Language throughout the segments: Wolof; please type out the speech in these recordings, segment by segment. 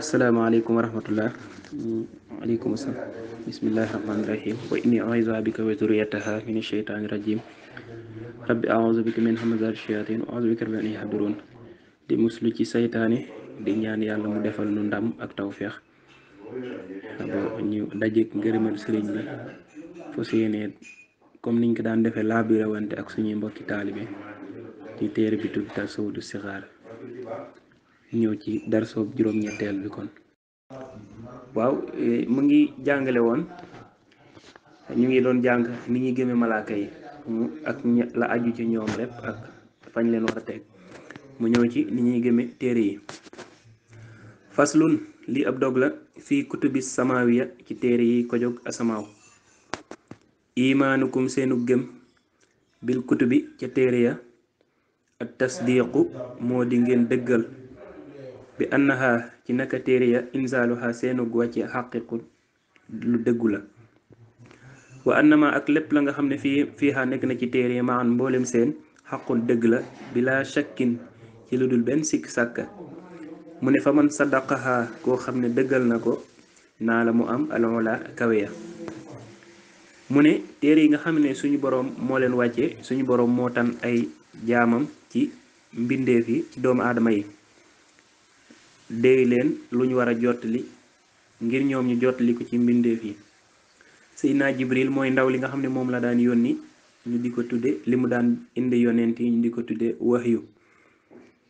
asalaamaaleykum wa rahmatullah aleykum asalaam bismillahi rahmaani rahim wa inni aiza bika rajim rabbi aouzu bika min hamazati shayatin wa aouzu bika di muslu ci saytaane di ñaan yàlla mu defal nu ndam ak tawféex ba ñu dajeek ngërëmal sëriñ bi fas yéene comme niñ ko daan defee laabirawante ak suñuy mbokki taalibe ci téere bi tudd Tazawudu Sixaar ñëw ci darsoob juróom-ñetteel waaw eh, mu ngi jàngale woon ñu ngi doon jàng ni ñuy gëme malaaka yi la aju ci ñoom lépp ak fañ leen war teg mu ñëw ci ni ñuy gëme téere yi faslun lii ab dog la fii kutubi samaawiya ci téere yi ko jóg asamaaw imaanukum seenu gëm bil kutubi ca téere ya at tasdiqu moo di ngeen dëggal bi annaha ci naka téere ya inzaaluha seenu wàcce xaqiqu lu dëggu la wa annama ak lépp la nga xam ne fii fiiha nekk na ci téere maan mboolem seen xaqul dëgg la bila shakkin ci lu dul benn sikk sàkka mu ne fa man sadaqaha koo xam ne dëggal na ko naa la mu am aloola kawe ya mu ne téere yi nga xam ne suñu boroom moo leen wàcce suñu boroom moo tan ay jaamam ci mbindeef yi ci doomu aadama yi déey leen lu ñu war a jottali ngir ñoom ñu jottali ko ci mbindeef yi Seydina Jibril mooy ndaw li nga xam ne moom la daan yónni ñu di ko tudde li mu daan indi yonent yi ñu di ko tudde wahyu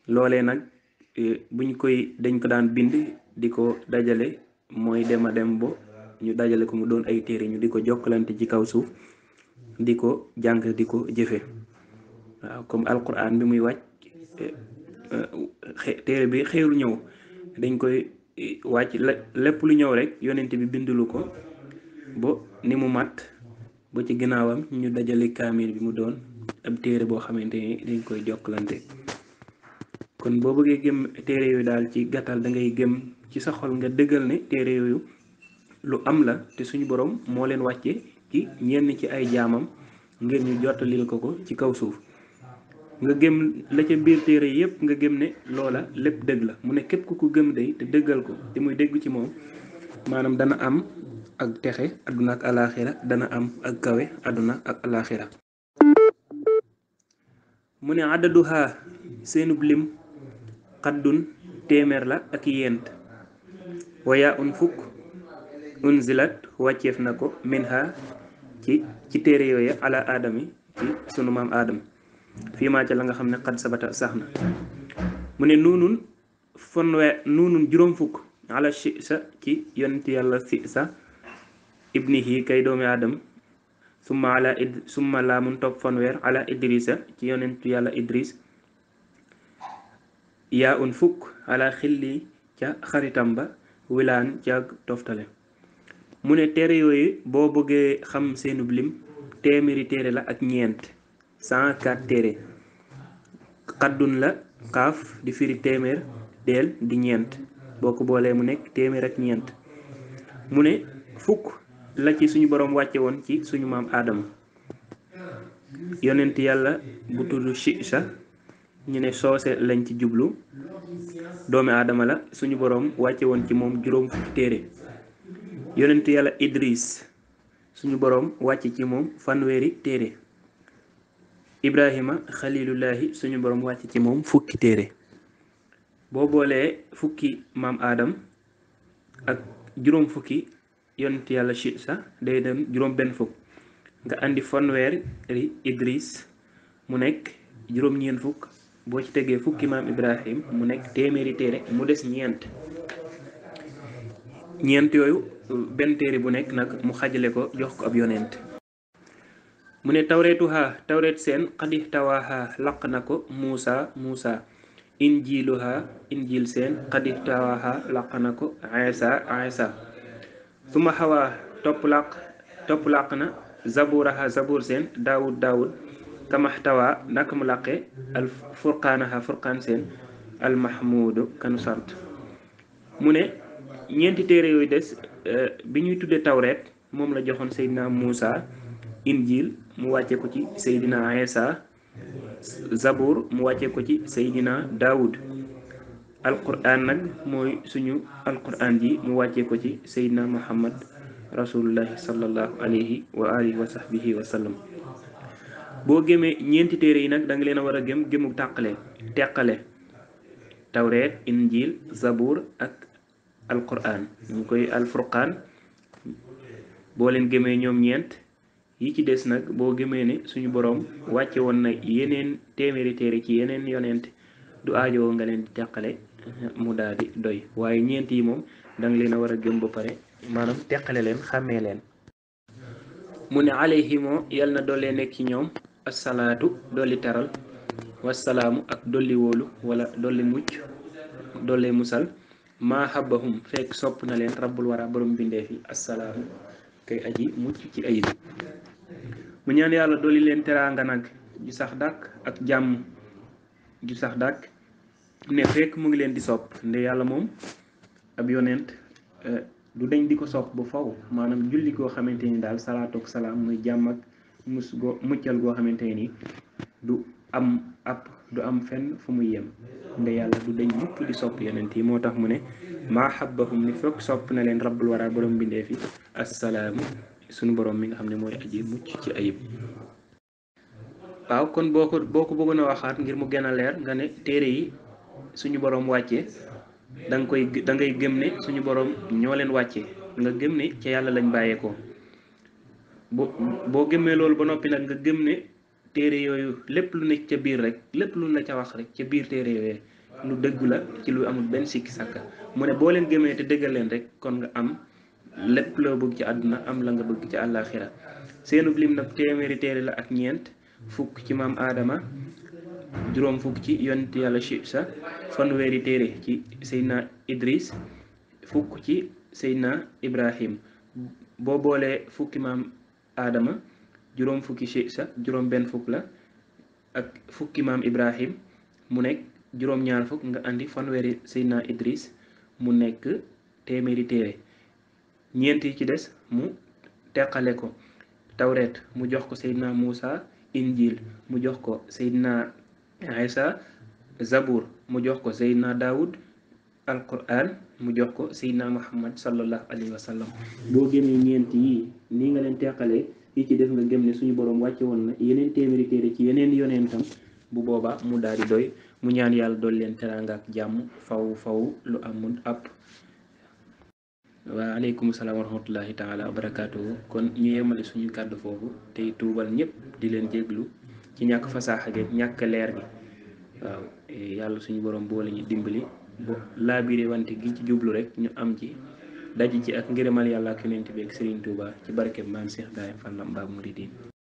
loolee nag e, buñ koy dañ ko daan bind di ko dajale mooy dem a dem bo ñu dajale ko mu doon ay téere ñu di ko jokkalante ci kaw suuf di ko jàng di ko jëfe waaw comme alquran bi muy wàcc e, e, téere bi xeelu ñëw dañ koy eh, wàcc lépp lu ñëw rek yonent bi bindulu ko ba ni mu màtt bo ci ginnaawam ñu dajale kaamil bi mu doon ab téere boo xamante ni dañ koy jokkalante kon boo bëggee gëm téere yooyu daal ci gàttal da ngay gëm ci sa xol nga dëggal ne téere yooyu lu am la te suñu borom moo leen wàcce ci ñenn ci ay jaamam ngir ñu jottalil ko ko ci kaw suuf nga gëm la ca biir téere yëpp nga gëm ne loola lépp dëgg la mu ne képp ku ko gëm day te dëggal ko te muy dégg ci moom maanaam dana am ak texe àdduna ak alaaxira dana am ak kawe àdduna ak alaaxira mu ne àddaduha seenub lim xaddun téeméer la ak yent waya un fukk unzilat wàcceef na ko minha ci téere yooya ala aadami ci sunu maam aadama fii ca la nga xam ne xat sabata sax na mu ne nuunun fanwe nuunun juróom fukk ala ci yonent yàlla si sa ibnihi kay doomi aadam summa ala id summa laamun topp fanweer ala idrisa ci yonentu yàlla idris yaa un fukk ala xilli ca xaritam ba wilaan ca toftale mu ne téere yooyu boo bëggee xam seenub lim téeméeri téere la ak ñeent cent quatre téere xaddun la xaaf di firi téeméer deel di ñeent boo ko boolee mu nekk téeméer ak ñeent mu ne fukk la ci suñu boroom wàcce woon ci suñu maam aadama yonent yàlla bu tudd Chicha ñu ne soose lañ ci jublu doomi aadama la suñu boroom wàcce woon ci moom juróom téere yonent yàlla Idris suñu boroom wàcce ci moom fanweeri téere Ibrahima xalilullahi suñu borom wàcc ci moom fukki téere boo boolee fukki maam aadam ak juróom fukki yonent yàlla ci sa day dem juróom benn fukk nga andi fanweeri Idris mu nekk juróom ñeent fukk boo ci tegee fukki maam Ibrahim mu nekk téeméeri téere mu des ñeent ñeent yooyu benn téere bu nekk nag mu xajale ko jox ko ab yonent mu ne tawreetuha tawreet seen xadix tawaaha laq na ko muusa muusa injiluha injil seen xadix tawaaha laq na ko isa isa suma xawaa topp laq topp laq na zaburaha zabur seen daawud daawud kamax tawaa naka mu laqe al furqaanaha furqaan seen al mahmuudu kanu sant mu ne ñeenti téere yooyu des eh, bi ñuy tudde tawreet moom la joxoon seydina muusa injil mu wàcce ko ci Seydina Isa Zabour mu wàcce ko ci Seydina Daoud Alqur'an nag mooy suñu Alqur'an ji mu wàcce ko ci Seydina Muhammad rasulullahi sallallahu alayhi wa alihi wa sahbihi wa boo gëmee ñeenti téere yi nag danga leen a war a gëm gëmu tàqale teqale tawreet injil zabour ak Alqur'an ñu koy Alfurqaan boo leen gëmee ñoom ñeent. yi ci des nag boo gëmee ne suñu boroom wàcce woon na yeneen téeméeri téere ci yeneen yonent du ajowoo nga leen di teqale eh, mu daal doy waaye ñeent yi moom danga leen a war a gëm ba pare maanaam teqale leen xàmmee leen mu ne alayhimoo yal na doole nekk ci ñoom asalaatu dolli taral wasalaamu ak dolli wóolu wala dolli mucc dolli musal maa habahum fekk sopp na leen rabbul wara borom bindeef yi asalaamu kay aji mucc ci ayib mu ñaan yàlla dolli leen teraanga nag ju sax dàq ak jàmm ju sax dàkk ne fekk mu ngi leen di sopp nde yàlla moom ab yonent eh, du deñ di ko sopp bu faw maanaam julli goo xamante ni daal salaatu salaam muy jàmm ak mus goo xamante ni du am ab du am fenn fu muy yem nde yàlla du dañ mukk di sopp yonent yi moo tax mu ne maa xabbahum ni fekk sopp na leen rabbul wara borom bindee fi assalaamu suñu boroom mi nga xam ne mooy aji mucc ci ayib waaw kon boo ko boo ko bëggoon a waxaat ngir mu gën a leer nga ne téere yi suñu boroom wàcce da koy da ngay gëm ne suñu boroom ñoo leen wàcce nga gëm ne ca yàlla lañ bàyyeekoo boo boo gëmee loolu ba noppi nag nga gëm ne téere yooyu lépp lu nekk ca biir rek lépp lu la ca wax rek ca biir téere yooyu lu dëggu la ci lu amul benn sikki sàkka mu ne boo leen gëmee te dëggal leen rek kon nga am. lépp loo bëgg ci àdduna am la nga bëgg ci àllaaxira seenub lim nag téeméeri téere la ak ñeent fukk ci maam aadama juróom fukk ci yonent yàlla Chibsa ci Seydina Idris fukk ci seyna Ibrahim boo boolee fukki maam aadama juróom fukki Chibsa juróom benn fukk la ak fukki maam Ibrahim mu nekk juróom ñaar fukk nga indi fanweeri Seydina Idris mu nekk téeméeri téere ñeent yi ci des mu teqale ko tawret mu jox ko seydina musa injil mu jox ko seydina Isa zabur mu jox ko seydina Daawud alquran mu jox ko seydina Muhammad sallallahu alayhi wa sallam boo génnee ñeent yi nii nga leen teqale yi ci def nga gëm ne suñu boroom wàcce woon na yeneen téeméeri téere ci yeneen yonentam bu boobaa mu daal di doy mu ñaan yàlla dool leen teraanga ak jàmm faw faw lu amul ab waa aleykum salaam wa rahmatullahi taala wa barakaatuhu kon ñu yemale suñu kàddu foofu tey tuubal ñëpp di leen jéglu ci ñàkk fasaaxa gi ñàkk leer gi waaw yàlla suñu borom boole ñu dimbali bu laabiré wante gi ci jublu rek ñu am ci daje ci ak ngërëmal yàlla ak yonent bi ak Serigne Touba ci barkeb maam Cheikh Ibrahima Fall Baabul Muridiin